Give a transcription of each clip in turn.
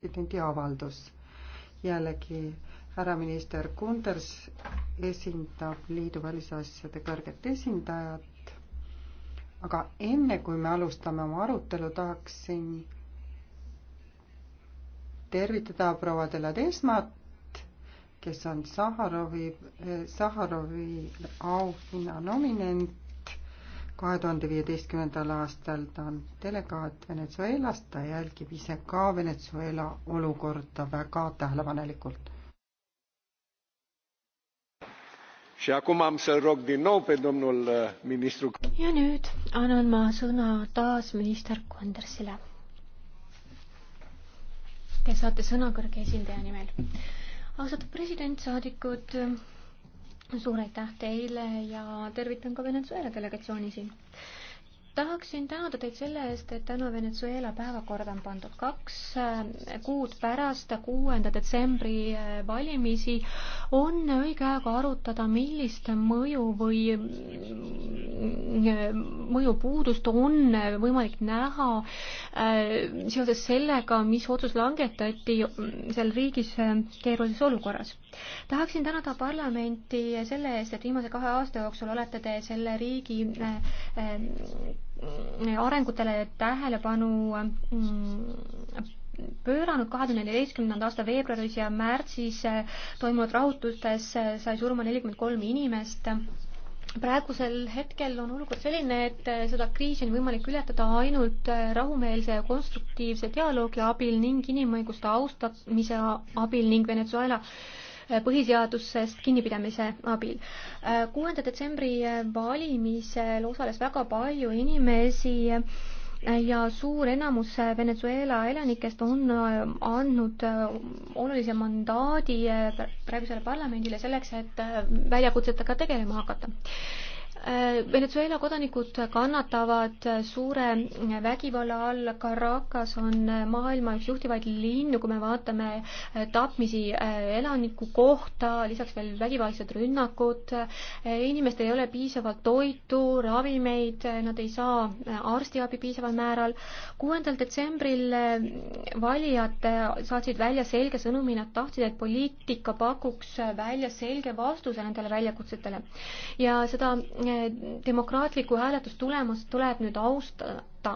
presidendi avaldus. jällegi härra minister Kunders esindab liidu välisasjade kõrget esindajat. aga enne kui me alustame oma arutelu, tahaksin tervitada proua Deladesmat, kes on Saharovi, Saharovi auhinna nominent kahe tuhande viieteistkümnendal aastal ta on delegaat Venezuelast, ta jälgib ise ka Venezuela olukorda väga tähelepanelikult. Uh, ja nüüd annan ma sõna taas minister Kondersile. Te saate sõna kõrge esindaja nimel. austatud president, saadikud suur aitäh teile ja tervitan ka Venezuela delegatsiooni siin tahaksin tänada teid selle eest, et täna Venezuela päevakorda on pandud kaks äh, kuud pärast kuuenda detsembri äh, valimisi on õige aeg arutada, millist mõju või mm, äh, mõjupuudust on võimalik näha seoses sellega, mis otsus langetati mm, seal riigis keerulises olukorras. tahaksin tänada parlamenti selle eest, et viimase kahe aasta jooksul olete te selle riigi Mm, arengutele tähelepanu mm, pööranud kahe tuhande neljateistkümnenda aasta veebruaris ja märtsis eh, toimunud rahutustes eh, sai surma nelikümmend kolm inimest. praegusel hetkel on olukord selline, et eh, seda kriisi on võimalik ületada ainult rahumeelse ja konstruktiivse dialoogi abil ning inimõiguste austamise abil ning Venezuela põhiseadusest kinnipidamise abil. kuuenda detsembri valimisel osales väga palju inimesi ja suur enamus Venezuela elanikest on andnud olulise mandaadi praegusele parlamendile selleks, et väljakutsetega tegelema hakata Venezuela kodanikud kannatavad suure vägivalla all, Caracas on maailma üks juhtivaid linnu, kui me vaatame eh, tapmisi eh, elaniku kohta, lisaks veel vägivaldsed rünnakud, eh, inimestel ei ole piisavalt toitu, ravimeid, nad ei saa arstiabi piisaval määral. kuuendal detsembril valijad saatsid välja selge sõnumi, nad tahtsid, et poliitika pakuks välja selge vastuse nendele väljakutsetele ja seda demokraatlikku hääletustulemust tuleb nüüd austa, võtta.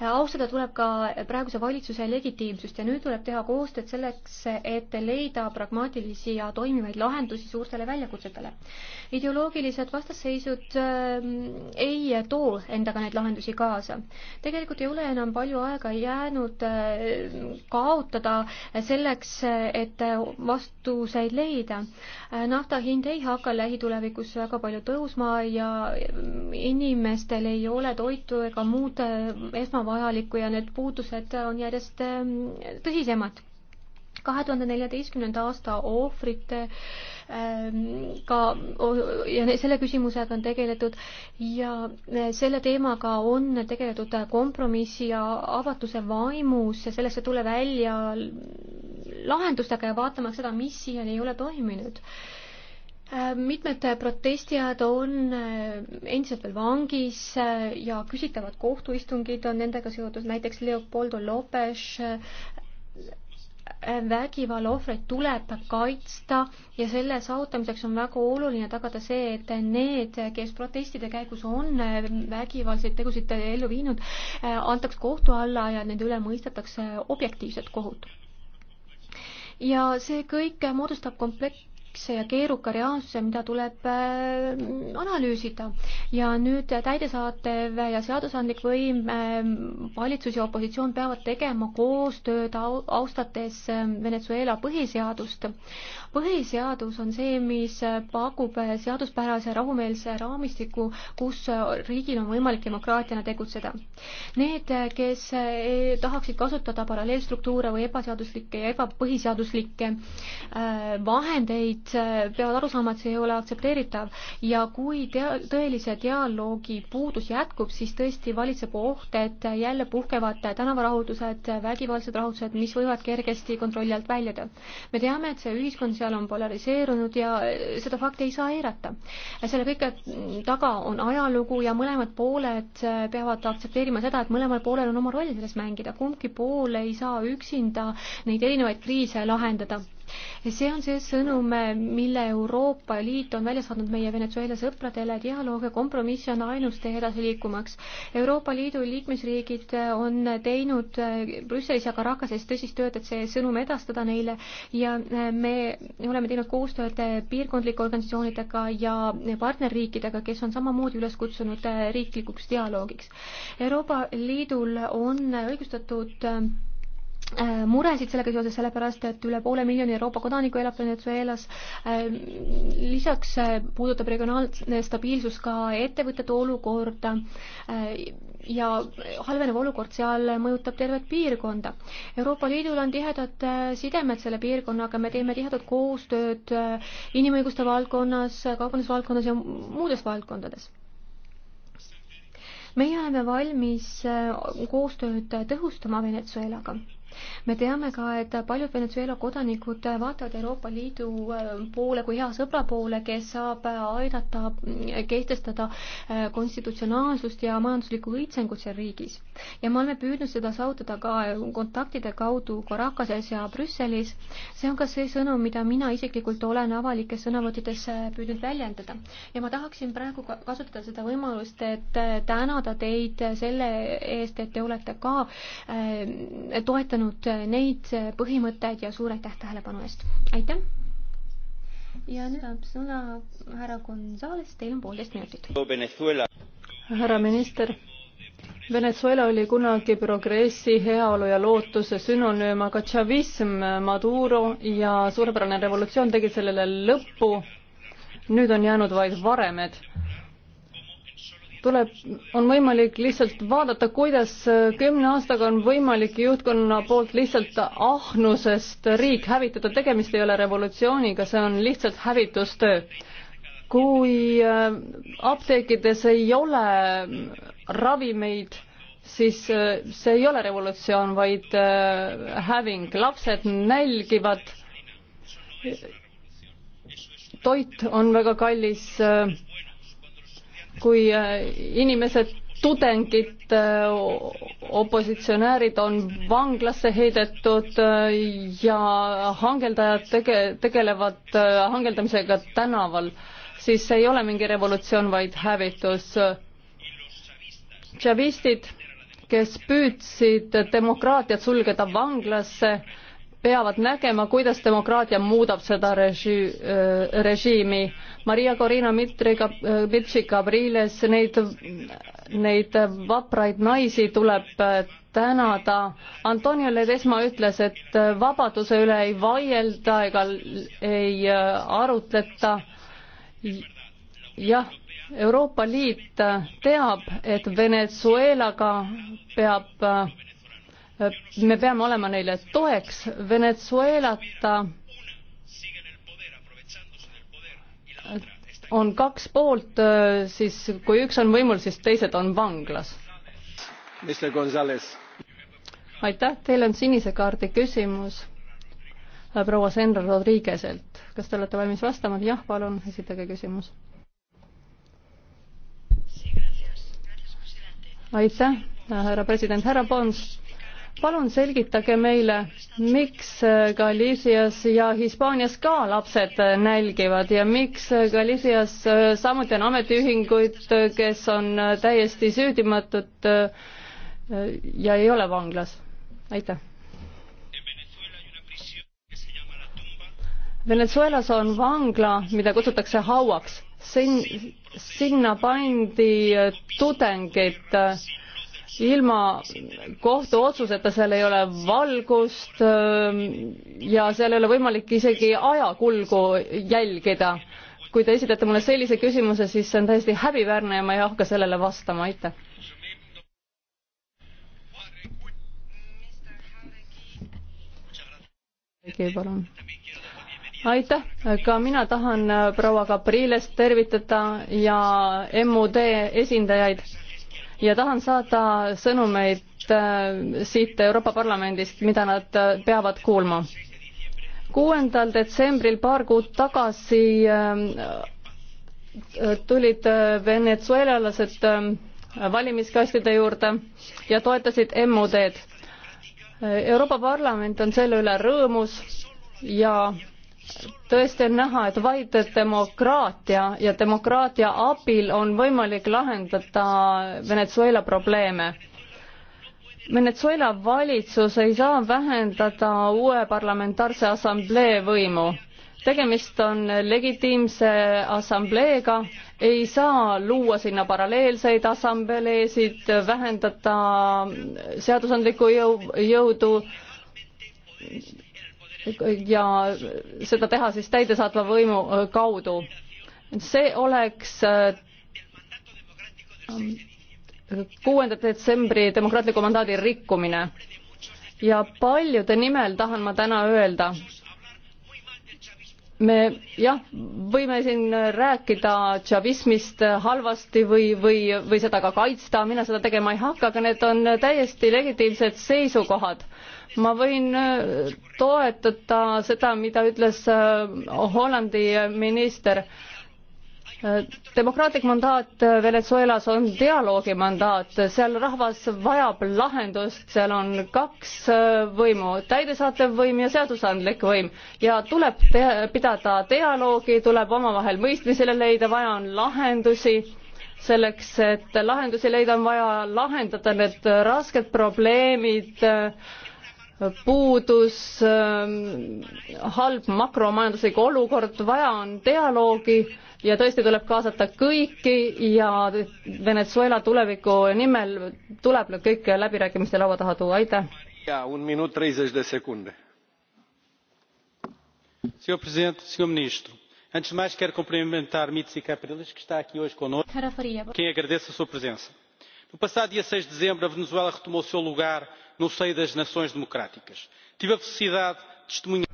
austada tuleb ka praeguse valitsuse legitiimsust ja nüüd tuleb teha koostööd selleks, et leida pragmaatilisi ja toimivaid lahendusi suurtele väljakutsetele. ideoloogilised vastasseisud äh, ei too endaga neid lahendusi kaasa. tegelikult ei ole enam palju aega jäänud äh, kaotada selleks, et vastuseid leida äh,. nafta hind ei hakka lähitulevikus väga palju tõusma ja ähm, inimestel ei ole toitu ega muud Äh, esmavajalikku ja need puudused on järjest ähm, tõsisemad kahe tuhande neljateistkümnenda aasta ohvrite ähm, ka ja selle küsimusega on tegeletud ja äh, selle teemaga on tegeletud äh, kompromissi ja avatuse vaimus ja sellesse tule välja lahendustega ja vaatama seda, mis siiani ei ole toiminud Äh, mitmed protestijad on äh, endiselt veel vangis äh, ja küsitavad kohtuistungid on nendega seotud, näiteks Leopoldo Lopes vägivalla ohvreid tuleb kaitsta ja selle saavutamiseks on väga oluline tagada see, et need, kes protestide käigus on vägivaldseid tegusid ellu viinud, antaks kohtu alla ja nende üle mõistetakse objektiivset kohut. ja see kõik moodustab komplekt kompleksse ja keeruka reaalsuse, mida tuleb äh, analüüsida. ja nüüd täidesaatev ja seadusandlik võim, äh, valitsus ja opositsioon peavad tegema koostööd, austates äh, Venezuela põhiseadust. põhiseadus on see, mis pakub seaduspärase rahumeelse raamistiku, kus riigil on võimalik demokraatiana tegutseda. Need, kes tahaksid kasutada paralleelstruktuure või ebaseaduslikke ja ebapõhiseaduslikke vahendeid, liikmesriigid peavad aru saama, et see ei ole aktsepteeritav ja kui tea-, tõelise dialoogi puudus jätkub, siis tõesti valitseb oht, et jälle puhkevad tänavarahutused, vägivaldsed rahutused, mis võivad kergesti kontrolli alt väljuda. me teame, et see ühiskond seal on polariseerunud ja seda fakti ei saa eirata. selle kõige taga on ajalugu ja mõlemad pooled peavad aktsepteerima seda, et mõlemal poolel on oma roll selles mängida, kumbki pool ei saa üksinda neid erinevaid kriise lahendada see on see sõnum, mille Euroopa Liit on välja saatnud meie Venezuela sõpradele, dialoog ja kompromiss on ainus tee edasiliikumaks. Euroopa Liidu liikmesriigid on teinud eh, Brüsselis ja Caracases tõsist tööd, et see sõnum edastada neile ja eh, me oleme teinud koostööd eh, piirkondlike organisatsioonidega ja partnerriikidega, kes on samamoodi üles kutsunud riiklikuks dialoogiks. Euroopa Liidul on õigustatud Äh, muresid sellega seoses, sellepärast et üle poole miljoni Euroopa kodaniku elab Venezuelas. Äh, lisaks äh, puudutab regionaalne stabiilsus ka ettevõtete olukorda ja halvenev olukord seal mõjutab tervet piirkonda. Euroopa Liidul on tihedad sidemed selle piirkonnaga, me teeme tihedat koostööd inimõiguste valdkonnas, kaubandusvaldkonnas ja muudes valdkondades meie oleme valmis koostööd tõhustama Venezuelaga me teame ka, et paljud Venezuela kodanikud vaatavad Euroopa Liidu äh, poole kui hea sõbra poole, kes saab aidata äh, kehtestada äh, konstitutsionaalsust ja majanduslikku õitsengut seal riigis. ja me oleme püüdnud seda saavutada ka kontaktide kaudu Caracases ja Brüsselis. see on ka see sõnum, mida mina isiklikult olen avalikes sõnavõttides püüdnud väljendada. ja ma tahaksin praegu kasutada seda võimalust, et tänada teid selle eest, et te olete ka toetanud järginud neid põhimõtteid ja suur aitäh tähelepanu eest. aitäh! ja nüüd saab sõna härra Gonzales, teil on poolteist minutit. härra minister Venezuela oli kunagi progressi, heaolu ja lootuse sünonüüm, aga tšavism, Maduro ja suurepärane revolutsioon tegid sellele lõpu. nüüd on jäänud vaid varemed tuleb, on võimalik lihtsalt vaadata, kuidas kümne aastaga on võimalik juhtkonna poolt lihtsalt ahnusest riik hävitada, tegemist ei ole revolutsiooniga, see on lihtsalt hävitustöö. kui äh, apteekides ei ole ravimeid, siis äh, see ei ole revolutsioon, vaid äh, häving, lapsed nälgivad, toit on väga kallis kui äh, inimesed, tudengid, äh, opositsionäärid on vanglasse heidetud äh, ja hangeldajad tege-, tegelevad hangeldamisega tänaval, siis see ei ole mingi revolutsioon, vaid hävitus. džavistid, kes püüdsid demokraatiat sulgeda vanglasse, peavad nägema, kuidas demokraatia muudab seda reži-, äh, režiimi. Maria Corina Mitriga, äh, Mitsi Gabriles, neid, neid vapraid naisi tuleb äh, tänada. Antonio Ledesma ütles, et vabaduse üle ei vaielda ega ei arutleta. jah Euroopa Liit teab, et Venezuelaga peab me peame olema neile toeks, Venezuelata on kaks poolt, siis kui üks on võimul, siis teised on vanglas. aitäh, teil on sinise kaardi küsimus proua Senra Rodriguezelt. kas te olete valmis vastama? jah, palun, esitage küsimus. aitäh, härra president, härra Pons palun selgitage meile, miks Galicias ja Hispaanias ka lapsed nälgivad ja miks Galicias samuti on ametiühinguid, kes on täiesti süüdimatud ja ei ole vanglas? aitäh. Venezuelas on vangla, mida kutsutakse hauaks. Sin-, sinna pandi tudengid äh, ilma kohtuotsuseta seal ei ole valgust ähm, ja seal ei ole võimalik isegi ajakulgu jälgida. kui te esitate mulle sellise küsimuse, siis see on täiesti häbiväärne ja ma ei hakka sellele vastama, aitäh. palun aitäh, ka mina tahan äh, proua Gabrielest tervitada ja MUD esindajaid ja tahan saada sõnumeid äh, siit Euroopa Parlamendist, mida nad äh, peavad kuulma. kuuendal detsembril paar kuud tagasi äh, tulid venezuelalased valimiskastide juurde ja toetasid MUD-d. Euroopa Parlament on selle üle rõõmus ja tõesti on näha, et vaid demokraatia ja demokraatia abil on võimalik lahendada Venezuela probleeme. Venezuela valitsus ei saa vähendada uue parlamentaarse assamblee võimu. tegemist on legitiimse assambleega, ei saa luua sinna paralleelseid assambleesid, vähendada seadusandlikku jõu, jõudu ja seda teha siis täidesaatva võimu äh, kaudu. see oleks äh, kuuenda detsembri demokraatliku mandaadi rikkumine ja paljude nimel tahan ma täna öelda, me jah, võime siin rääkida tšavismist halvasti või, või, või seda ka kaitsta, mina seda tegema ei hakka, aga need on täiesti legitiimsed seisukohad ma võin äh, toetada seda, mida ütles äh, Hollandi minister. Äh, demokraatlik mandaat Venezuelas on dialoogi mandaat, seal rahvas vajab lahendust, seal on kaks võimu, täidesaatev võim ja seadusandlik võim ja tuleb te pidada dialoogi, tuleb omavahel mõistmisele leida, vaja on lahendusi selleks, et lahendusi leida, on vaja lahendada need rasked probleemid äh, puudus, ähm, halb makromajanduslik olukord, vaja on dialoogi ja tõesti tuleb kaasata kõiki ja Venezuela tuleviku nimel tuleb nad kõik läbirääkimiste laua taha tuua, aitäh. Senhor Presidente, Senhor Ministro, antes de mais quero cumprimentar Mitzi Capriles, que está aqui hoje conosco, quem agradeço a sua presença. No passado dia 6 de dezembro, a Venezuela retomou o seu lugar no seio das nações democráticas. Tive a felicidade de testemunhar.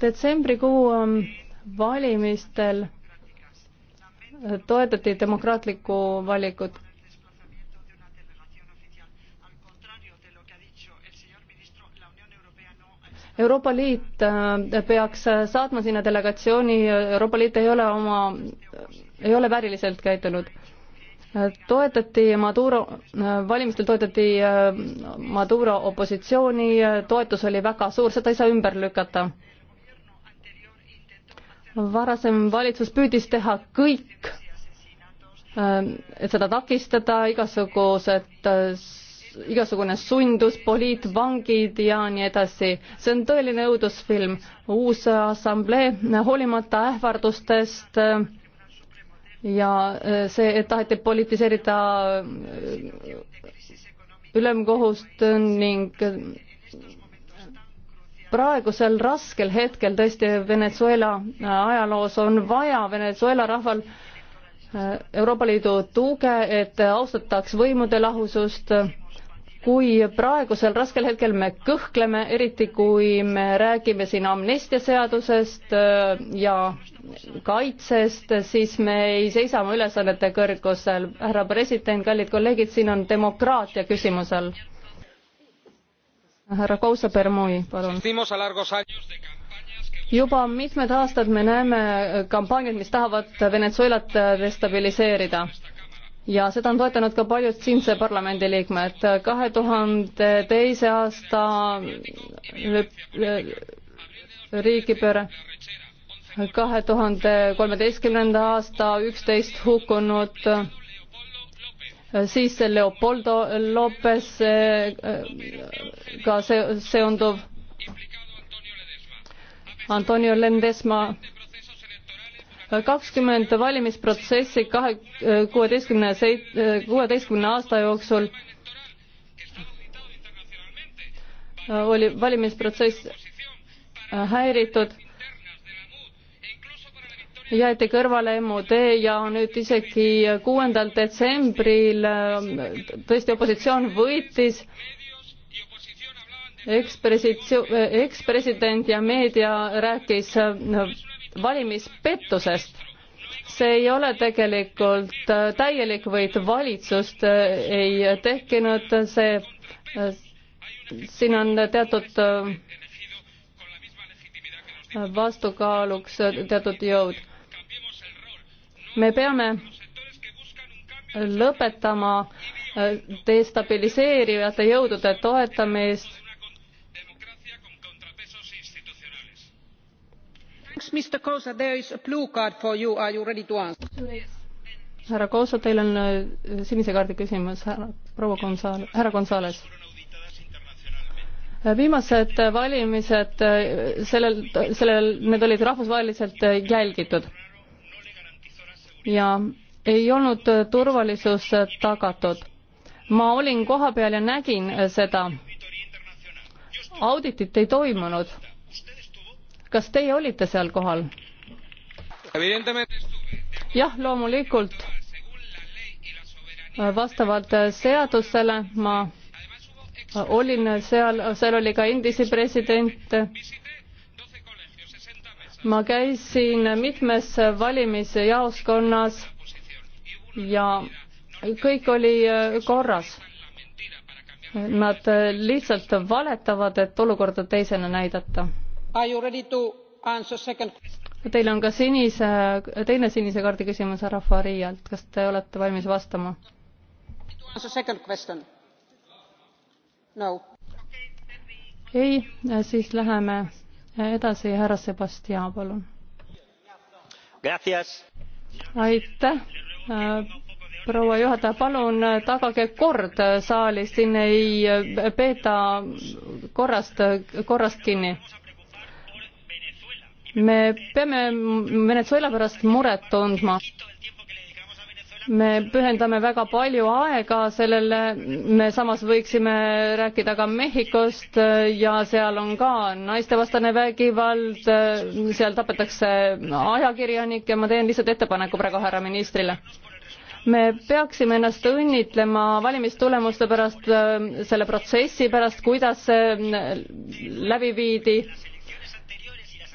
detsembrikuu um, valimistel eh, toetati demokraatlikku valikut Euroopa Liit eh, peaks eh, saatma sinna delegatsiooni, Euroopa Liit ei ole oma, ei ole vääriliselt käitunud toetati Maduro, valimistel toetati äh, Maduro opositsiooni, toetus oli väga suur, seda ei saa ümber lükata. varasem valitsus püüdis teha kõik, äh, et seda takistada, igasugused, äh, igasugune sundus, poliitvangid ja nii edasi. see on tõeline õudusfilm. uus assamblee, hoolimata ähvardustest äh, ja äh, see, et taheti politiseerida äh, ülemkohust ning äh, praegusel raskel hetkel tõesti Venezuela ajaloos on vaja Venezuela rahval Euroopa Liidu tuge, et austataks võimude lahusust, kui praegusel raskel hetkel me kõhkleme, eriti kui me räägime siin amnestiaseadusest äh, ja kaitsest, siis me ei seisa oma ülesannete kõrgusel. härra president, kallid kolleegid, siin on demokraatia küsimus all. härra Kousa-Permui, palun juba mitmed aastad me näeme kampaaniaid, mis tahavad Venezuelat destabiliseerida ja seda on toetanud ka paljud siinse parlamendi liikmed. kahe tuhande teise aasta äh, riigipööre, kahe tuhande kolmeteistkümnenda aasta üksteist hukkunut, äh, siis Leopoldo Lopez äh, ka see seonduv Antonio Ledesma kakskümmend valimisprotsessi kahe, kuueteistkümne seit-, kuueteistkümne aasta jooksul oli valimisprotsess häiritud, jäeti kõrvale MOD ja nüüd isegi kuuendal detsembril tõesti opositsioon võitis ekspresitsioon, ekspresident ja meedia rääkis valimispettusest. see ei ole tegelikult äh, täielik, vaid valitsust äh, ei tekkinud, see, äh, siin on teatud vastukaaluks teatud jõud. me peame lõpetama destabiliseerivate jõudude toetamist mr ksa there is a blue card for you are you ready to answer? härra Koosa, teil on äh, sinise kaardi küsimus, härra proua Gonzal-, härra Gonzales äh, viimased äh, valimised, sellel, sellel, need olid rahvusvaheliselt jälgitud. ja ei olnud turvalisus tagatud. ma olin kohapeal ja nägin seda. auditit ei toimunud kas teie olite seal kohal? jah, loomulikult. vastavalt seadusele ma olin seal, seal oli ka endisi presidente ma käisin mitmes valimisjaoskonnas ja kõik oli korras. Nad lihtsalt valetavad, et olukorda teisena näidata Teil on ka sinise, teine sinise kaardi küsimus härra Farialt, kas te olete valmis vastama? No. ei, siis läheme edasi, härra Sebastian, palun. aitäh proua juhataja, palun tagage kord saalis, siin ei peeta korrast, korrast kinni me peame Venezuela pärast muret tundma. me pühendame väga palju aega sellele, me samas võiksime rääkida ka Mehhikost ja seal on ka naistevastane vägivald, seal tapetakse ajakirjanikke, ma teen lihtsalt ettepaneku praegu härra ministrile me peaksime ennast õnnitlema valimistulemuste pärast, selle protsessi pärast, kuidas see läbi viidi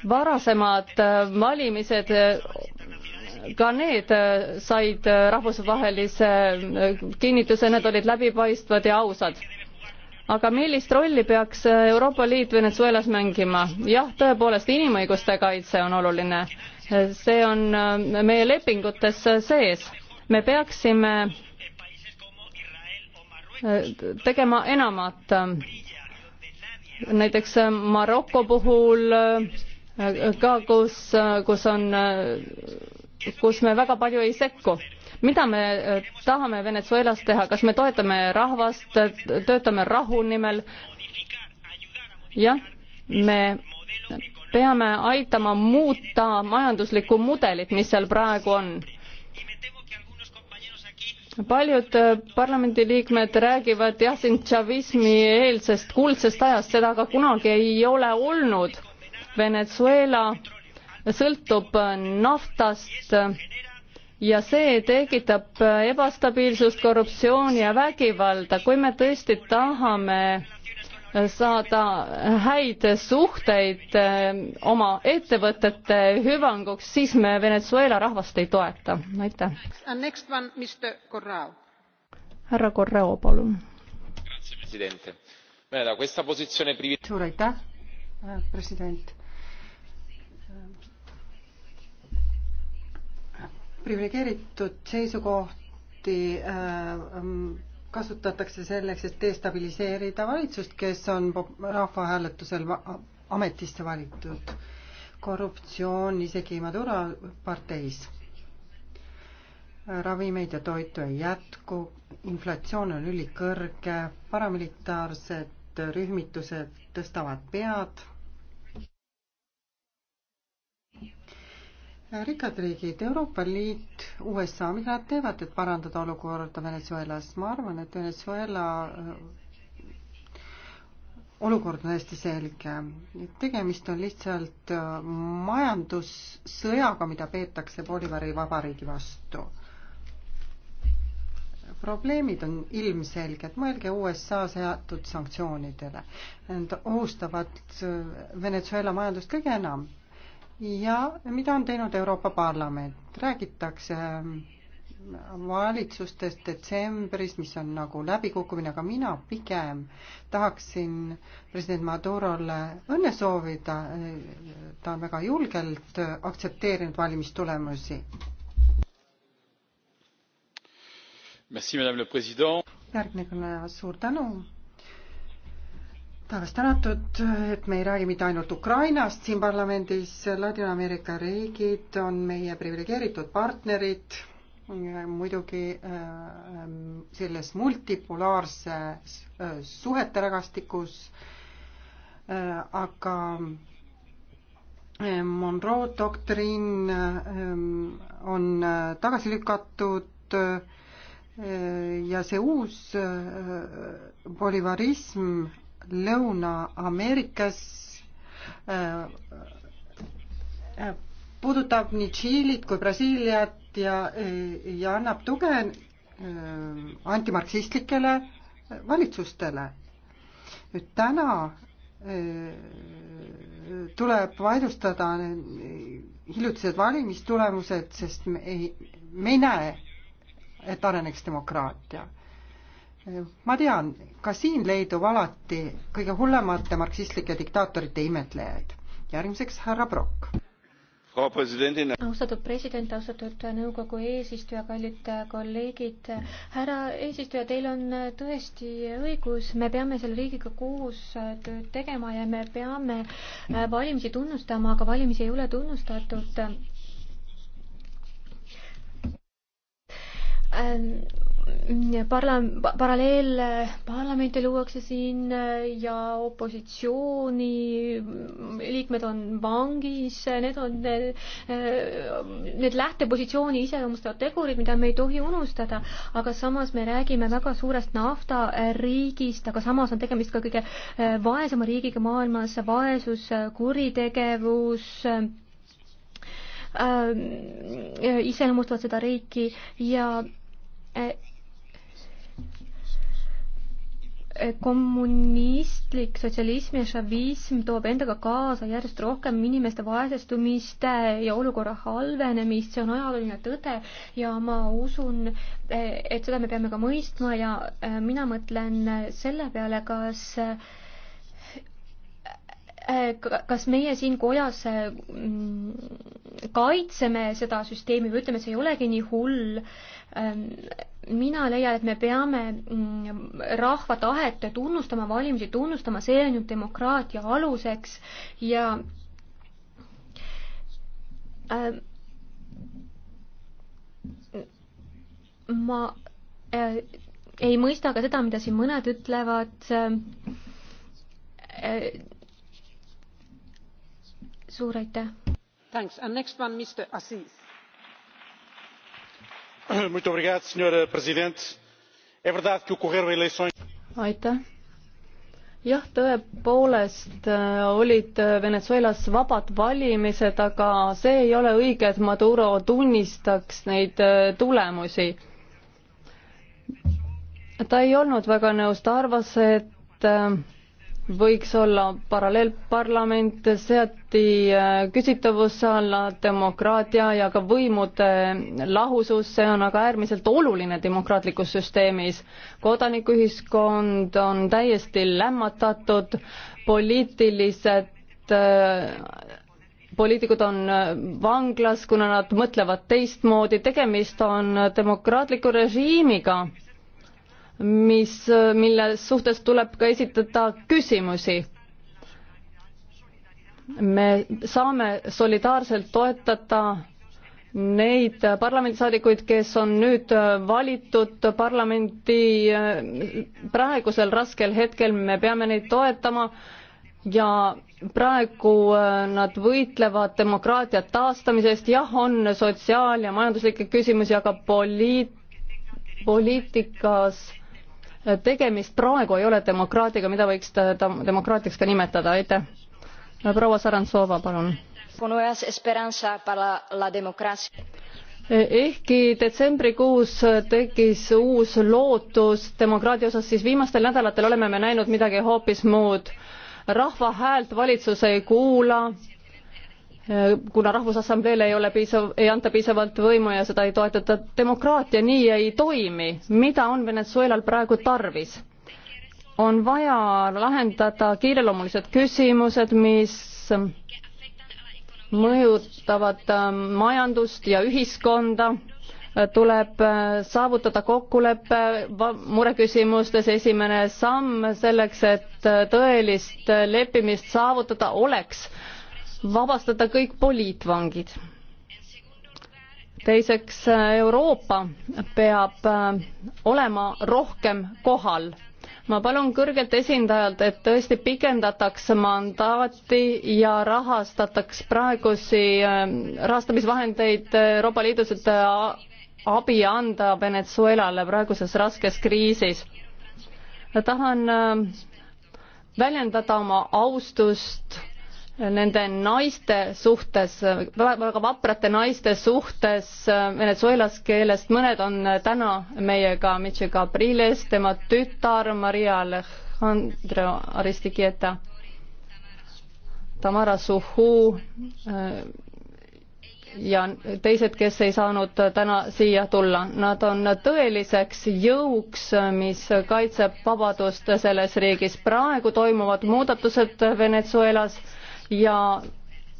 varasemad äh, valimised, äh, ka need äh, said rahvusvahelise kinnituse, need olid läbipaistvad ja ausad. aga millist rolli peaks Euroopa Liit Venezuelas mängima? jah, tõepoolest inimõiguste kaitse on oluline, see on meie lepingutes sees. me peaksime tegema enamat näiteks Maroko puhul ka kus, kus on, kus me väga palju ei sekku. mida me eh, tahame Venezuelas teha, kas me toetame rahvast, töötame rahu nimel? jah, me peame aitama muuta majanduslikku mudelit, mis seal praegu on paljud eh, parlamendiliikmed räägivad jah, siin tšavismi eelsest kuldsest ajast, seda aga kunagi ei ole olnud Venezuela sõltub naftast ja see tekitab ebastabiilsust, korruptsiooni ja vägivalda. kui me tõesti tahame saada häid suhteid eh, oma ettevõtete hüvanguks, siis me Venezuela rahvast ei toeta. aitäh. härra Corrao, palun. suur aitäh, eh, president priviligeeritud seisukohti äh, ähm, kasutatakse selleks, et destabiliseerida valitsust, kes on rahvahääletusel ametisse valitud. korruptsioon isegi Madura parteis. ravimeid ja toitu ei jätku, inflatsioon on ülikõrge, paramilitaarsed rühmitused tõstavad pead rikkad riigid, Euroopa Liit, USA, mida nad teevad, et parandada olukorda Venezuelas? ma arvan, et Venezuela äh, olukord on hästi selge. tegemist on lihtsalt äh, majandussõjaga, mida peetakse Bolivari vabariigi vastu. probleemid on ilmselged, mõelge USA seatud sanktsioonidele. Need ohustavad äh, Venezuela majandust kõige enam ja mida on teinud Euroopa Parlament? räägitakse ähm, valitsustest detsembris, mis on nagu läbikukkumine, aga mina pigem tahaksin president Madurole õnne soovida. ta on väga julgelt aktsepteerinud valimistulemusi. järgmine kõne, suur tänu taevast tänatud, et me ei räägi mitte ainult Ukrainast siin parlamendis, Ladina-Ameerika riigid on meie priviligeeritud partnerid, muidugi äh, selles multipolaarses äh, suhete rägastikus, äh, aga Monroe doktriin on tagasi lükatud ja see uus bolivarism Lõuna-Ameerikas äh, äh, puudutab nii Tšiilit kui Brasiiliat ja, ja annab tuge äh, antimarksistlikele valitsustele. nüüd täna tuleb vaidlustada hiljutised valimistulemused, sest me ei, me ei näe, et areneks demokraatia ma tean, ka siin leidub alati kõige hullemate marksistlike diktaatorite imetlejaid. järgmiseks härra Brock. austatud president, austatud nõukogu eesistuja, kallid kolleegid. härra eesistuja, teil on tõesti õigus, me peame selle riigiga koos tööd tegema ja me peame valimisi tunnustama, aga valimisi ei ole tunnustatud ähm parla-, paralleelparlamente eh, luuakse siin eh, ja opositsiooni mm, liikmed on vangis, eh, need on need, need lähtepositsiooni iseloomustavad tegurid, mida me ei tohi unustada, aga samas me räägime väga suurest naftariigist, aga samas on tegemist ka kõige vaesema riigiga maailmas, vaesus, kuritegevus, iseloomustavad seda riiki ja kommunistlik sotsialism ja šavism toob endaga kaasa järjest rohkem inimeste vaesestumist ja olukorra halvenemist, see on ajalooline tõde ja ma usun, et seda me peame ka mõistma ja äh, mina mõtlen selle peale, kas äh, Äh, kas meie siin kojas äh, mm, kaitseme seda süsteemi või ütleme, see ei olegi nii hull. Ähm, mina leian, et me peame mm, rahva tahet tunnustama, valimisi tunnustama, see on ju demokraatia aluseks ja ähm, ma äh, ei mõista ka seda, mida siin mõned ütlevad ähm, suur aitäh! aitäh! jah, tõepoolest äh, olid äh, Venezuelas vabad valimised, aga see ei ole õige, et Maduro tunnistaks neid äh, tulemusi. ta ei olnud väga nõus, ta arvas, et võiks olla paralleelparlament, seati äh, küsitavusse alla demokraatia ja ka võimude lahusus, see on aga äärmiselt oluline demokraatlikus süsteemis. kodanikuühiskond on täiesti lämmatatud, poliitilised äh, poliitikud on äh, vanglas, kuna nad mõtlevad teistmoodi, tegemist on demokraatliku režiimiga mis, mille suhtes tuleb ka esitada küsimusi. me saame solidaarselt toetada neid parlamendisaadikuid, kes on nüüd valitud parlamenti eh, praegusel raskel hetkel, me peame neid toetama ja praegu eh, nad võitlevad demokraatia taastamisest, jah, on sotsiaal- ja majanduslikke küsimusi, aga poliit-, poliitikas tegemist praegu ei ole demokraatiaga, mida võiks demokraatiaks ka nimetada, aitäh. proua Sarantsova, palun. ehkki detsembrikuus tekkis uus lootus demokraatia osas, siis viimastel nädalatel oleme me näinud midagi hoopis muud. rahva häält valitsus ei kuula kuna Rahvusassambleele ei ole piisav, ei anta piisavalt võimu ja seda ei toetata, demokraatia nii ei toimi. mida on Venezuelal praegu tarvis? on vaja lahendada kiireloomulised küsimused, mis mõjutavad ähm, majandust ja ühiskonda, tuleb äh, saavutada kokkulepe mureküsimustes, esimene samm selleks, et äh, tõelist äh, leppimist saavutada, oleks vabastada kõik poliitvangid. teiseks, Euroopa peab äh, olema rohkem kohal ma palun kõrgelt esindajalt, et tõesti pikendataks mandaati ja rahastataks praegusi äh, rahastamisvahendeid Euroopa Liidus, et äh, abi anda Venezuelale praeguses raskes kriisis. tahan väljendada oma austust nende naiste suhtes, väga vaprate naiste suhtes äh, venezuelas keelest, mõned on äh, täna meiega, Michi Cabriles, tema tütar Maria Alejandro Aristikieta, Tamara Suhu äh, ja teised, kes ei saanud täna siia tulla. Nad on tõeliseks jõuks, mis kaitseb vabadust selles riigis. praegu toimuvad muudatused Venezuelas ja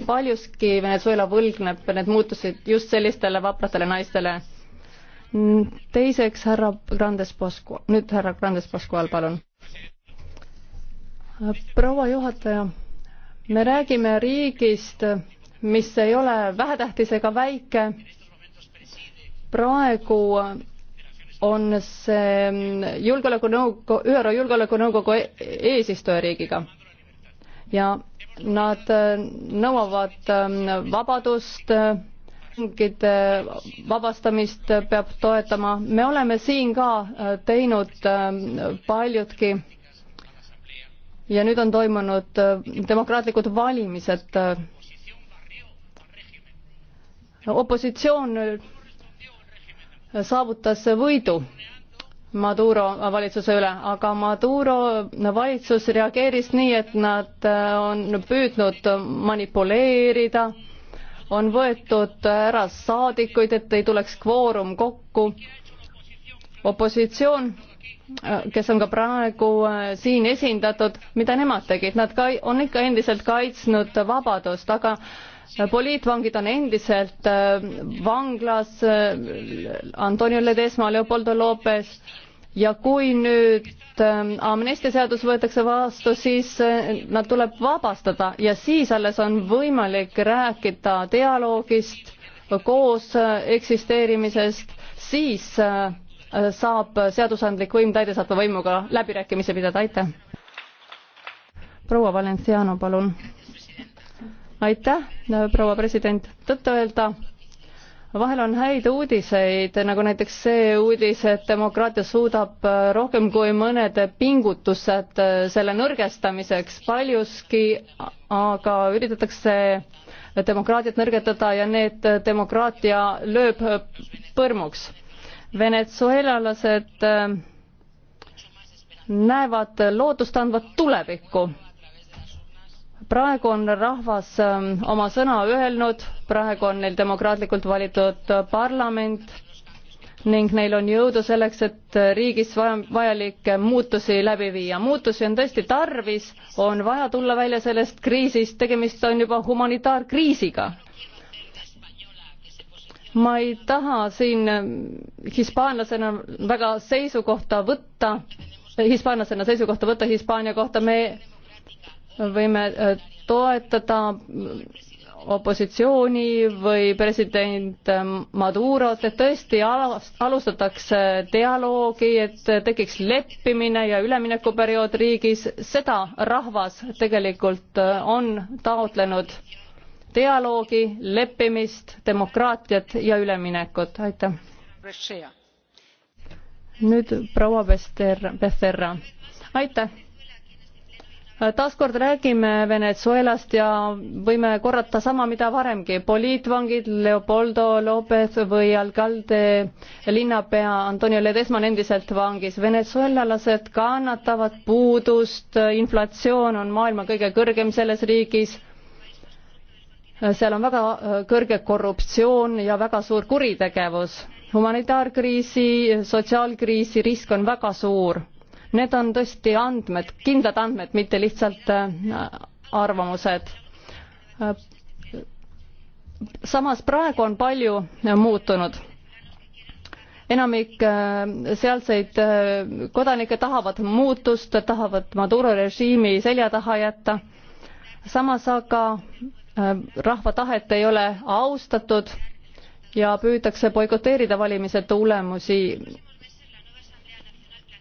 paljuski Venezuela võlgneb need muutused just sellistele vapratele naistele. teiseks härra Grandes Pascu, nüüd härra Grandes Pascual, palun. proua juhataja, me räägime riigist, mis ei ole vähetähtis ega väike. praegu on see julgeolekunõukogu, ÜRO Julgeolekunõukogu e-, eesistujariigiga ja Nad äh, nõuavad ähm, vabadust, vangide äh, vabastamist peab toetama. me oleme siin ka äh, teinud ähm, paljutki ja nüüd on toimunud demokraatlikud valimised. opositsioon saavutas võidu Maduro valitsuse üle, aga Maduro valitsus reageeris nii, et nad äh, on püüdnud manipuleerida, on võetud ära saadikuid, et ei tuleks kvoorum kokku. opositsioon, äh, kes on ka praegu äh, siin esindatud, mida nemad tegid, nad ka on ikka endiselt kaitsnud vabadust, aga poliitvangid on endiselt vanglas Antonio Ledesma, Leopoldo Lopez ja kui nüüd ähm, amnestiaseadus võetakse vastu, siis äh, nad tuleb vabastada ja siis alles on võimalik rääkida dialoogist, koos äh, eksisteerimisest, siis äh, saab seadusandlik võim täidesaatva võimuga läbirääkimisi pidada, aitäh. proua Valenciano, palun. aitäh, proua president, tõtt-öelda vahel on häid uudiseid, nagu näiteks see uudis, et demokraatia suudab äh, rohkem kui mõned pingutused äh, selle nõrgestamiseks paljuski, aga üritatakse demokraatiat nõrgetada ja need äh, demokraatia lööb põrmuks. venezuelalased näevad lootustandvat tulevikku praegu on rahvas ähm, oma sõna öelnud, praegu on neil demokraatlikult valitud parlament ning neil on jõudu selleks, et riigis vajalikke muutusi läbi viia. muutusi on tõesti tarvis, on vaja tulla välja sellest kriisist, tegemist on juba humanitaarkriisiga. ma ei taha siin hispaanlasena väga seisukohta võtta, hispaanlasena seisukohta võtta Hispaania kohta, me võime äh, toetada opositsiooni või president äh, Madurot, et tõesti alustatakse dialoogi, et tekiks leppimine ja üleminekuperiood riigis, seda rahvas tegelikult äh, on taotlenud. dialoogi, leppimist, demokraatiat ja üleminekut, aitäh. nüüd proua Bester, Becerra, aitäh taaskord räägime Venezuelast ja võime korrata sama, mida varemgi. poliitvangid Leopoldo Lopez või Alcalde linnapea Antonio Ledesma on endiselt vangis. venezuelalased kannatavad puudust, inflatsioon on maailma kõige kõrgem selles riigis. seal on väga äh, kõrge korruptsioon ja väga suur kuritegevus. humanitaarkriisi, sotsiaalkriisi risk on väga suur Need on tõesti andmed, kindlad andmed, mitte lihtsalt äh, arvamused. Äh, samas praegu on palju äh, muutunud enamik sealseid kodanikke tahavad muutust, tahavad Maduro režiimi selja taha jätta. samas aga rahva tahet ei ole austatud ja püütakse boikoteerida valimise tulemusi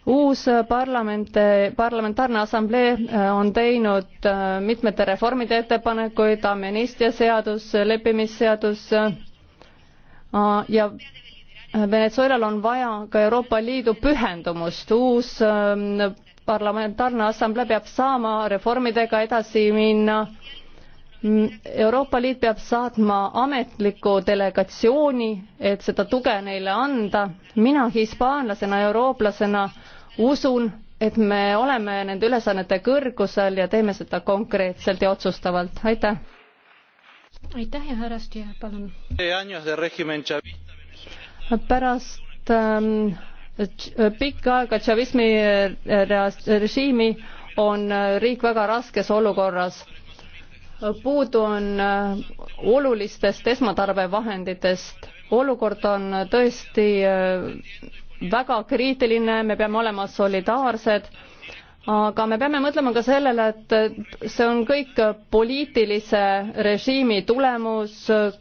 uus parlament, parlamentaarne assamblee äh, on teinud äh, mitmete reformide ettepanekuid, amnistia seadus, leppimisseadus äh, ja Venezuelal on vaja ka Euroopa Liidu pühendumust, uus ähm, parlamentaarne assamblee peab saama reformidega edasi minna mm, Euroopa Liit peab saatma ametliku delegatsiooni, et seda tuge neile anda. mina hispaanlasena, eurooplasena usun, et me oleme nende ülesannete kõrgusel ja teeme seda konkreetselt ja otsustavalt, aitäh! aitäh ja härra Stjev, palun! pärast ähm, pikka aega tšavismi äh, režiimi on äh, riik väga raskes olukorras. puudu on äh, olulistest esmatarbevahenditest. olukord on tõesti väga kriitiline, me peame olema solidaarsed, aga me peame mõtlema ka sellele, et see on kõik poliitilise režiimi tulemus,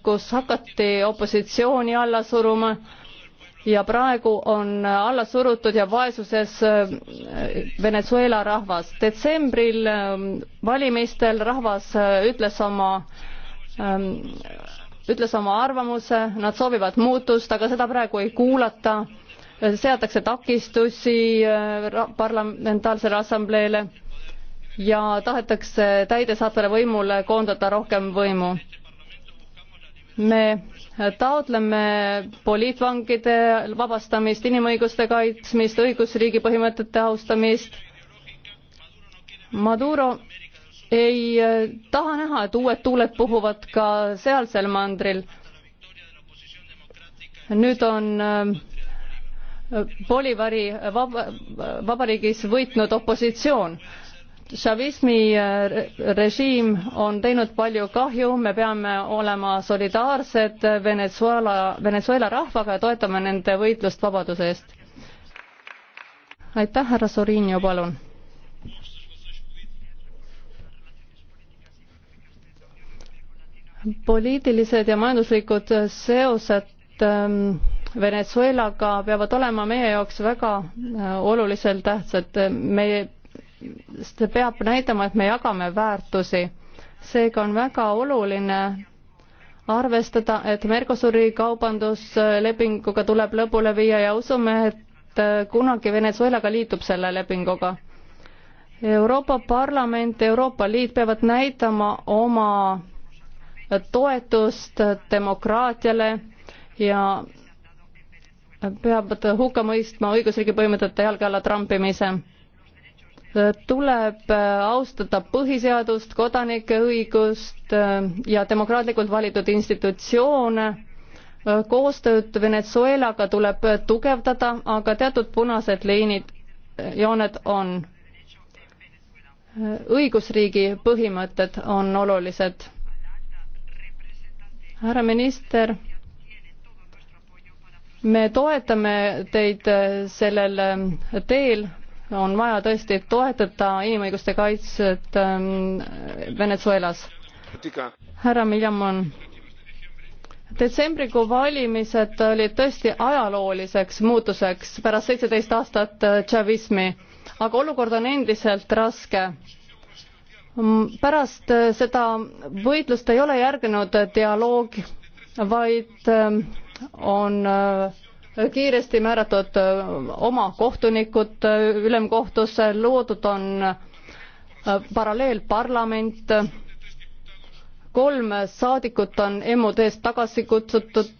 kus hakati opositsiooni alla suruma ja praegu on alla surutud ja vaesuses äh, Venezuela rahvas. detsembril ähm, valimistel rahvas äh, ütles oma ähm, ütles oma arvamuse, nad soovivad muutust, aga seda praegu ei kuulata seatakse takistusi äh, parlamentaarsele assambleele ja tahetakse täidesaatvale võimule koondada rohkem võimu. me taotleme poliitvangide vabastamist, inimõiguste kaitsmist, õigusriigi põhimõtete austamist. Maduro ei äh, taha näha, et uued tuuled puhuvad ka sealsel mandril. nüüd on äh, Bolivari vab vabariigis võitnud opositsioon. Chavismi äh, režiim on teinud palju kahju, me peame olema solidaarsed Venezuela, Venezuela rahvaga ja toetama nende võitlust vabaduse eest. aitäh, härra Sorinio, palun poliitilised ja majanduslikud seosed ähm, Venezuelaga peavad olema meie jaoks väga äh, olulisel tähtsad. me, see peab näitama, et me jagame väärtusi. seega on väga oluline arvestada, et Mercosuri kaubanduslepinguga tuleb lõpule viia ja usume, et äh, kunagi Venezuelaga liitub selle lepinguga. Euroopa Parlament, Euroopa Liit peavad näitama oma toetust demokraatiale ja peavad hukka mõistma õigusriigi põhimõtete jalge alla trampimise. tuleb austada põhiseadust, kodanike õigust ja demokraatlikult valitud institutsioone. koostööd Venezuelaga tuleb tugevdada, aga teatud punased liinid, jooned on. õigusriigi põhimõtted on olulised. härra minister me toetame teid äh, sellel äh, teel, on vaja tõesti toetada inimõiguste kaitset ähm, Venezuelas. härra Miljamon, detsembrikuu valimised olid tõesti ajalooliseks muutuseks pärast seitseteist aastat tšavismi, äh, aga olukord on endiselt raske pärast seda võitlust ei ole järgnenud dialoog, vaid ähm, on äh, kiiresti määratud äh, oma kohtunikud äh, ülemkohtusse, loodud on paralleelparlament, kolm saadikut on MOD-st tagasi kutsutud,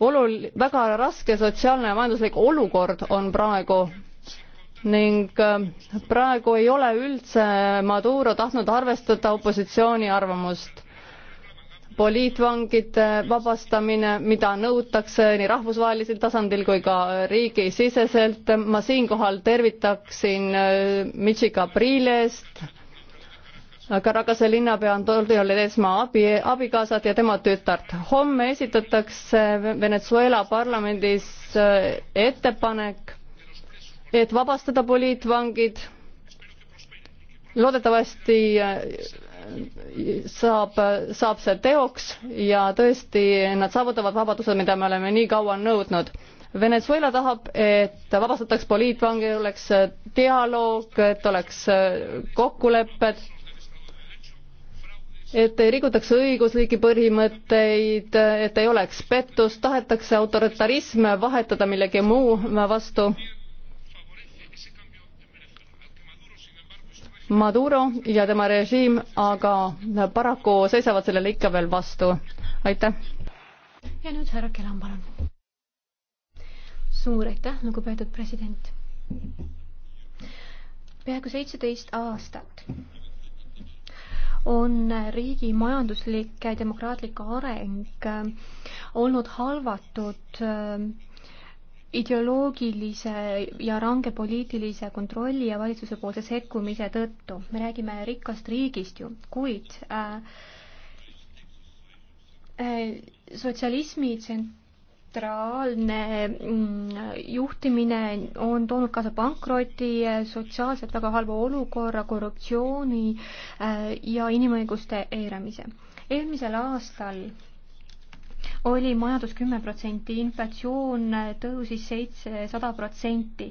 olul-, väga raske sotsiaalne ja majanduslik olukord on praegu ning praegu ei ole üldse Maduro tahtnud arvestada opositsiooni arvamust poliitvangide vabastamine, mida nõutakse nii rahvusvahelisel tasandil kui ka riigisiseselt. ma siinkohal tervitaksin äh, Michika Priilest, Karakase linnapea Antonio Ledesma abi, abikaasat ja tema tütart. homme esitatakse Venezuela parlamendis äh, ettepanek, et vabastada poliitvangid. loodetavasti äh, saab, saab see teoks ja tõesti nad saavutavad vabaduse, mida me oleme nii kaua nõudnud. Venezuela tahab, et vabastataks poliitvange, oleks dialoog, et oleks kokkulepped, et ei rikutaks õigusriigi põhimõtteid, et ei oleks pettust, tahetakse autoritarism vahetada millegi muu vastu Maduro ja tema režiim aga paraku seisavad sellele ikka veel vastu. aitäh. ja nüüd härra Kelam, palun. suur aitäh, lugupeetud president. peaaegu seitseteist aastat on riigi majanduslik demokraatlik areng olnud halvatud äh, ideoloogilise ja range poliitilise kontrolli ja valitsusepoolse sekkumise tõttu. me räägime rikkast riigist ju, kuid äh, äh, sotsialismi tsentraalne mm, juhtimine on toonud kaasa pankroti, sotsiaalselt väga halva olukorra, korruptsiooni äh, ja inimõiguste eiramise. eelmisel aastal äh, oli majandus kümme protsenti, inflatsioon tõusis seitsesada protsenti.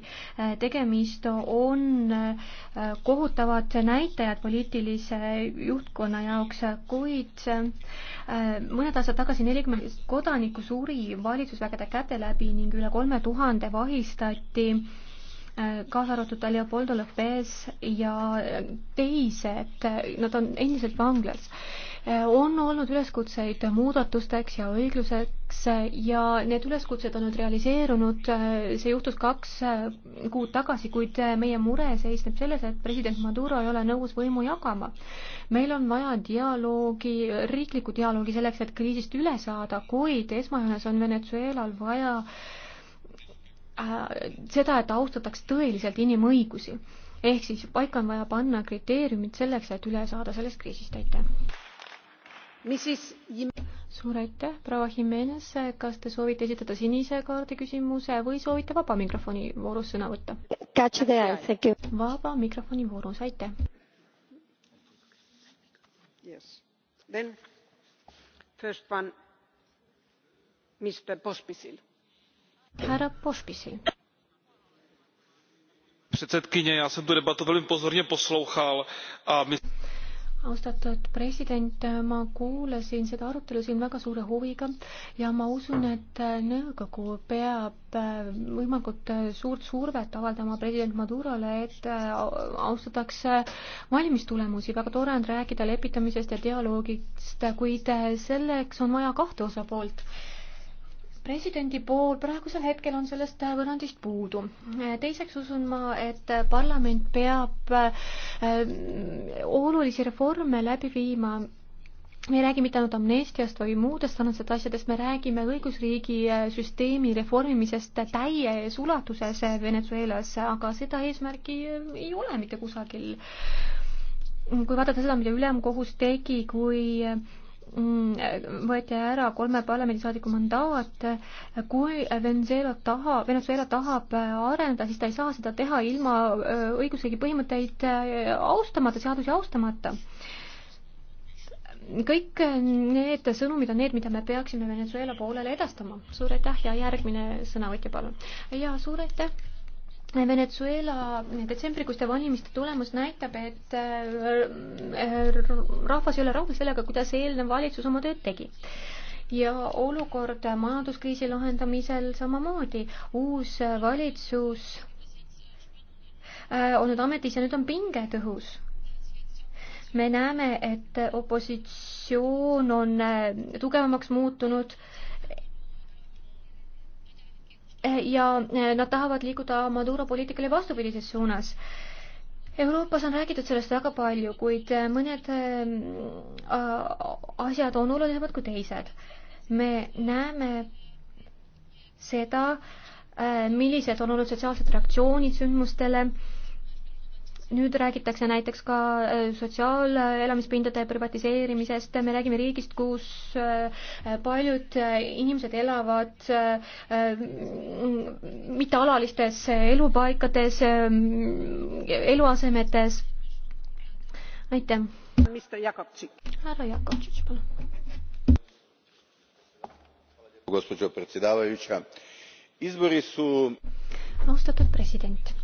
tegemist on äh, kohutavad näitajad poliitilise juhtkonna jaoks, kuid äh, mõned aastad tagasi nelikümmend kodanikku suri valitsusvägede käte läbi ning üle kolme tuhande vahistati äh, kaasa arvatud Leopoldo Lopez ja teised, nad on endiselt vanglas on olnud üleskutseid muudatusteks ja õigluseks ja need üleskutsed on nüüd realiseerunud. see juhtus kaks kuud tagasi, kuid meie mure seisneb selles, et president Maduro ei ole nõus võimu jagama. meil on vaja dialoogi, riiklikku dialoogi selleks, et kriisist üle saada, kuid esmajoones on Venezuelal vaja äh, seda, et austataks tõeliselt inimõigusi. ehk siis paika on vaja panna kriteeriumid selleks, et üle saada sellest kriisist, aitäh! mis siis suur aitäh, proua Jimenez, kas te soovite esitada sinise kaardi küsimuse või soovite vaba mikrofoni voorus sõna võtta? vaba mikrofoni voorus, aitäh yes.. härra Pospisil. předsedkyně, já jsem tu debatu velmi pozorně poslouchal a myslím austatud president, ma kuulasin seda arutelu siin väga suure huviga ja ma usun, et nõukogu peab äh, võimalikult äh, suurt survet avaldama president Madurole, et äh, austatakse valimistulemusi. väga tore on rääkida lepitamisest ja dialoogist, kuid selleks on vaja kahte osapoolt presidendi pool praegusel hetkel on sellest võrrandist puudu. teiseks usun ma, et parlament peab äh, olulisi reforme läbi viima me ei räägi mitte ainult amnestiast või muudest sarnastest asjadest, me räägime õigusriigi äh, süsteemi reformimisest täies ulatuses Venezuelas, aga seda eesmärki äh, ei ole mitte kusagil. kui vaadata seda, mida ülemkohus tegi, kui äh, Mm, võeti ära kolme parlamendisaadiku mandaat. kui Venezuela taha, Venezuela tahab arendada, siis ta ei saa seda teha ilma äh, õigusriigi põhimõtteid äh, austamata, seadusi austamata. kõik need sõnumid on need, mida me peaksime Venezuela poolele edastama. suur aitäh ja järgmine sõnavõtja, palun. ja suur aitäh Venezuela detsembrikuiste valimiste tulemus näitab, et äh, rahvas ei ole rahul sellega, kuidas eelnev valitsus oma tööd tegi ja olukord majanduskriisi lahendamisel samamoodi. uus valitsus äh, on nüüd ametis ja nüüd on pinge tõhus me näeme, et opositsioon on äh, tugevamaks muutunud ja eh, nad tahavad liikuda Maduro poliitikale vastupidises suunas. Euroopas on räägitud sellest väga palju, kuid eh, mõned eh, asjad on olulisemad kui teised. me näeme seda, millised on olnud sotsiaalsed reaktsioonid sündmustele nüüd räägitakse näiteks ka äh, sotsiaalelamispindade privatiseerimisest, me räägime riigist, kus äh, paljud äh, inimesed elavad mm, mittealalistes elupaikades, eluasemetes. aitäh. härra Jakovtšitš, palun. gospođo predsjedavajuća izbori su austatud president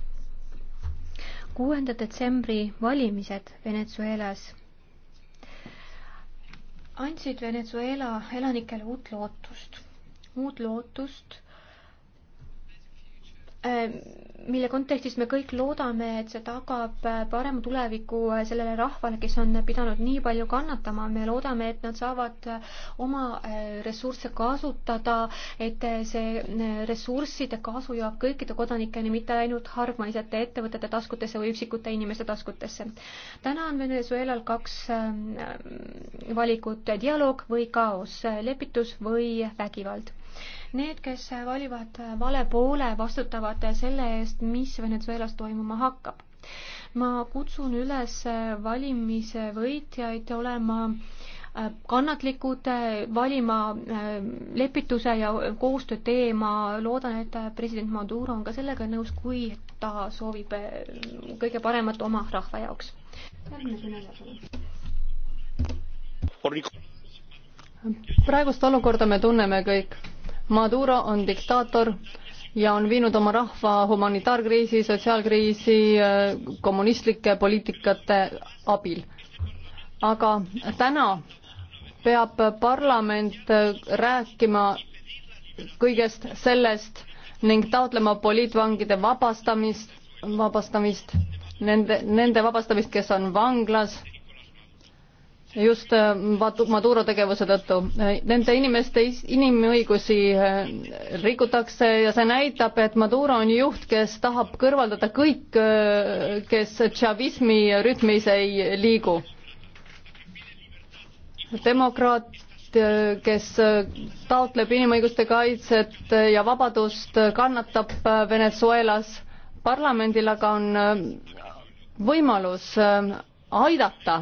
kuuenda detsembri valimised Venezuelas andsid Venezuela elanikele uut lootust, uut lootust Äh, mille kontekstis me kõik loodame, et see tagab äh, parema tuleviku äh, sellele rahvale, kes on pidanud nii palju kannatama, me loodame, et nad saavad oma ressursse kasutada, et see ressursside kasu jõuab kõikide kodanikeni, mitte ainult hargmaisete ettevõtete taskutesse või üksikute inimeste taskutesse. täna on Venezuelal kaks ähm, valikut, dialoog või kaos, lepitus või vägivald Need, kes valivad vale poole, vastutavad selle eest, mis Venezuelas toimuma hakkab. ma kutsun üles valimise võitjaid olema äh, kannatlikud, äh, valima äh, lepituse ja koostöö teema, loodan, et president Maduro on ka sellega nõus, kui ta soovib kõige paremat oma rahva jaoks. praegust olukorda me tunneme kõik Maduro on diktaator ja on viinud oma rahva humanitaarkriisi, sotsiaalkriisi äh, kommunistlike poliitikate abil. aga täna peab parlament äh, rääkima kõigest sellest ning taotlema poliitvangide vabastamist, vabastamist, nende, nende vabastamist, kes on vanglas just äh, Maduro tegevuse tõttu. Nende inimeste inimõigusi äh, rikutakse ja see näitab, et Maduro on juht, kes tahab kõrvaldada kõik, äh, kes tšavismi rütmis ei liigu. demokraat, kes taotleb inimõiguste kaitset ja vabadust, kannatab Venezuelas. parlamendil aga on võimalus aidata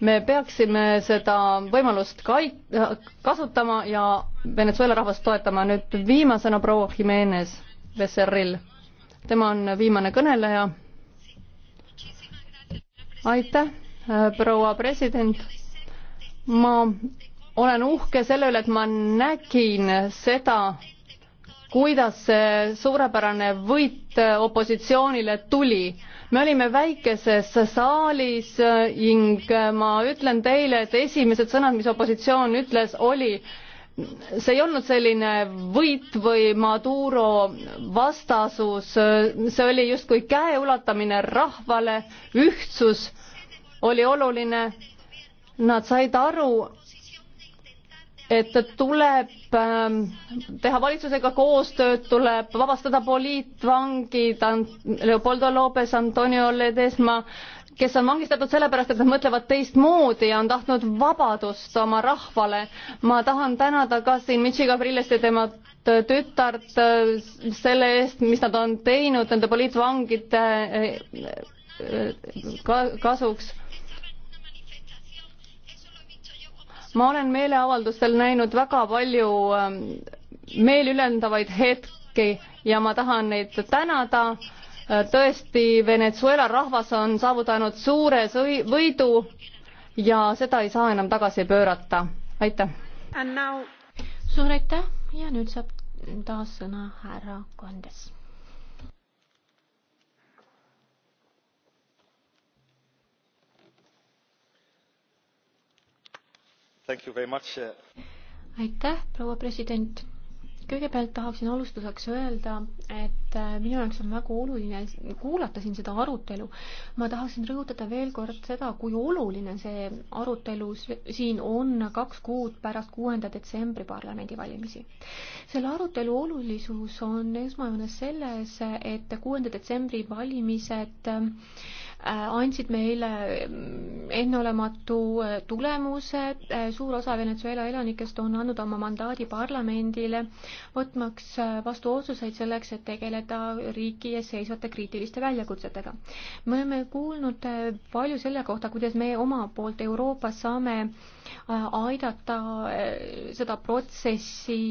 me peaksime seda võimalust kai-, kasutama ja Venezuela rahvast toetama. nüüd viimasena proua Jimenez Becerril. tema on viimane kõneleja. aitäh, proua president. ma olen uhke selle üle, et ma nägin seda, kuidas see suurepärane võit opositsioonile tuli me olime väikeses saalis äh, ning äh, ma ütlen teile, et esimesed sõnad, mis opositsioon ütles, oli see ei olnud selline võit või Maduro vastasus, äh, see oli justkui käeulatamine rahvale, ühtsus oli oluline. Nad said aru, et tuleb ähm, teha valitsusega koostööd, tuleb vabastada poliitvangid Leopoldo Lopez, Antonio Ledesma, kes on vangistatud sellepärast, et nad mõtlevad teistmoodi ja on tahtnud vabadust oma rahvale. ma tahan tänada ka siin Michi Gavrilest ja tema tütart äh, selle eest, mis nad on teinud nende poliitvangide äh, äh, kasuks ma olen meeleavaldustel näinud väga palju ähm, meelülendavaid hetki ja ma tahan neid tänada. Äh, tõesti, Venezuela rahvas on saavutanud suure võidu ja seda ei saa enam tagasi pöörata. aitäh! suur aitäh ja nüüd saab taas sõna härra Kondes Eh. aitäh, proua president. kõigepealt tahaksin alustuseks öelda, et eh, minu jaoks on väga oluline kuulata siin seda arutelu. ma tahaksin rõhutada veel kord seda, kui oluline see arutelu siin on kaks kuud pärast kuuenda detsembri parlamendivalimisi. selle arutelu olulisus on esmajoones selles, et kuuenda detsembri valimised äh, Äh, andsid meile mm, enneolematu äh, tulemuse. Äh, suur osa Venezuela elanikest on andnud oma mandaadi parlamendile, võtmaks vastu otsuseid selleks, et tegeleda riigi ees seisvate kriitiliste väljakutsetega. me oleme kuulnud palju selle kohta, kuidas me oma poolt Euroopas saame aidata seda protsessi,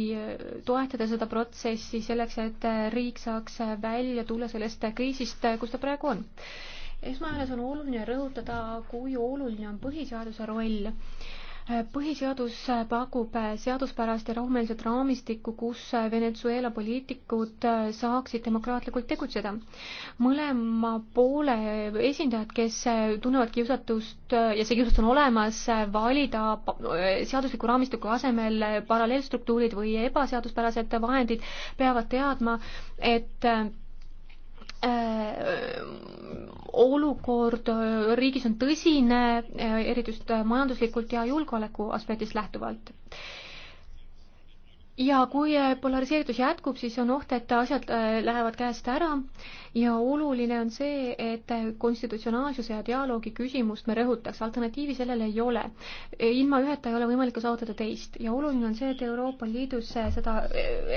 toetada seda protsessi selleks, et riik saaks välja tulla sellest kriisist, kus ta praegu on esmajoones on oluline rõhutada, kui oluline on põhiseaduse roll põhiseadus pakub seaduspärast ja rahumeelset raamistikku, kus Venezuela poliitikud saaksid demokraatlikult tegutseda. mõlema poole esindajad, kes tunnevad kiusatust ja see kiusatus on olemas, valida seadusliku raamistiku asemel paralleelstruktuurid või ebaseaduspärased vahendid, peavad teadma, et Äh, äh, olukord äh, riigis on tõsine, eriti just majanduslikult ja julgeoleku aspektist lähtuvalt ja kui äh, polariseeritus jätkub, siis on oht, et asjad äh, lähevad käest ära ja oluline on see, et äh, konstitutsionaalsuse ja dialoogi küsimust me rõhutaks, alternatiivi sellele ei ole. ilma üheta ei ole võimalik saavutada teist ja oluline on see, et Euroopa Liidus seda,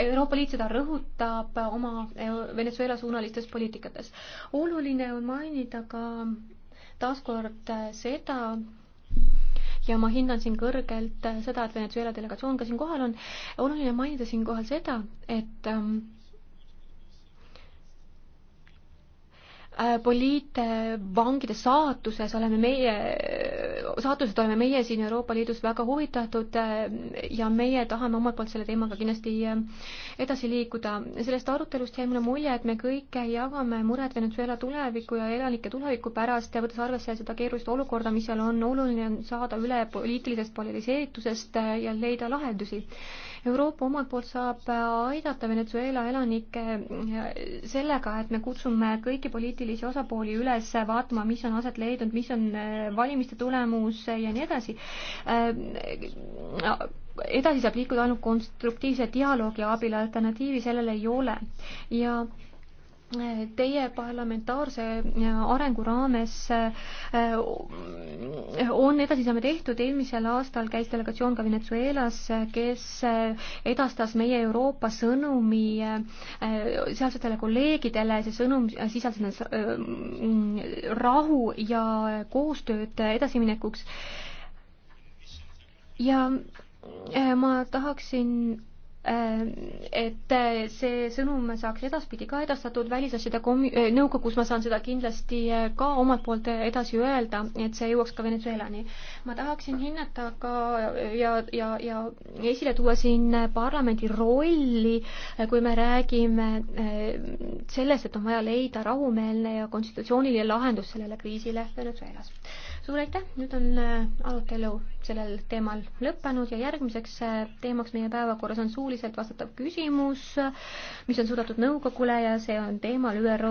Euroopa Liit seda rõhutab oma Venezuela suunalistes poliitikates. oluline on mainida ka taaskord seda, ja ma hindan siin kõrgelt seda, et Venezuela delegatsioon ka siin kohal on. oluline mainida siinkohal seda, et ähm, Äh, poliitvangide saatuses oleme meie, saatused oleme meie siin Euroopa Liidus väga huvitatud äh, ja meie tahame omalt poolt selle teemaga kindlasti äh, edasi liikuda. sellest arutelust jäi mulle mulje, et me kõik jagame muret Venezuela tuleviku ja elanike tuleviku pärast ja võttes arvesse seda keerulist olukorda, mis seal on, oluline on saada üle poliitilisest polariseeritusest ja leida lahendusi Euroopa omalt poolt saab aidata Venezuela elanikke sellega, et me kutsume kõiki poliitilisi osapooli üles vaatama, mis on aset leidnud, mis on äh, valimiste tulemus ja nii edasi äh, edasi saab liikuda ainult konstruktiivse dialoogi abil, alternatiivi sellele ei ole. ja äh, Teie parlamentaarse äh, arengu raames äh, äh, on edasisamme tehtud, eelmisel aastal käis delegatsioon ka Venezuelas, kes edastas meie Euroopa sõnumi sealsetele kolleegidele, see sõnum sisaldas rahu ja koostööd edasiminekuks. ja ma tahaksin Äh, et äh, see sõnum saaks edaspidi ka edastatud välisasjade komi-, äh, nõukogus ma saan seda kindlasti ka omalt poolt edasi öelda, et see jõuaks ka Venezuelani. ma tahaksin hinnata ka ja, ja, ja esile tuua siin parlamendi rolli, kui me räägime sellest, et on vaja leida rahumeelne ja konstitutsiooniline lahendus sellele kriisile Venezuelas suur aitäh, nüüd on äh, arutelu sellel teemal lõppenud ja järgmiseks äh, teemaks meie päevakorras on suuliselt vastatav küsimus, mis on suunatud nõukogule ja see on teemal ÜRO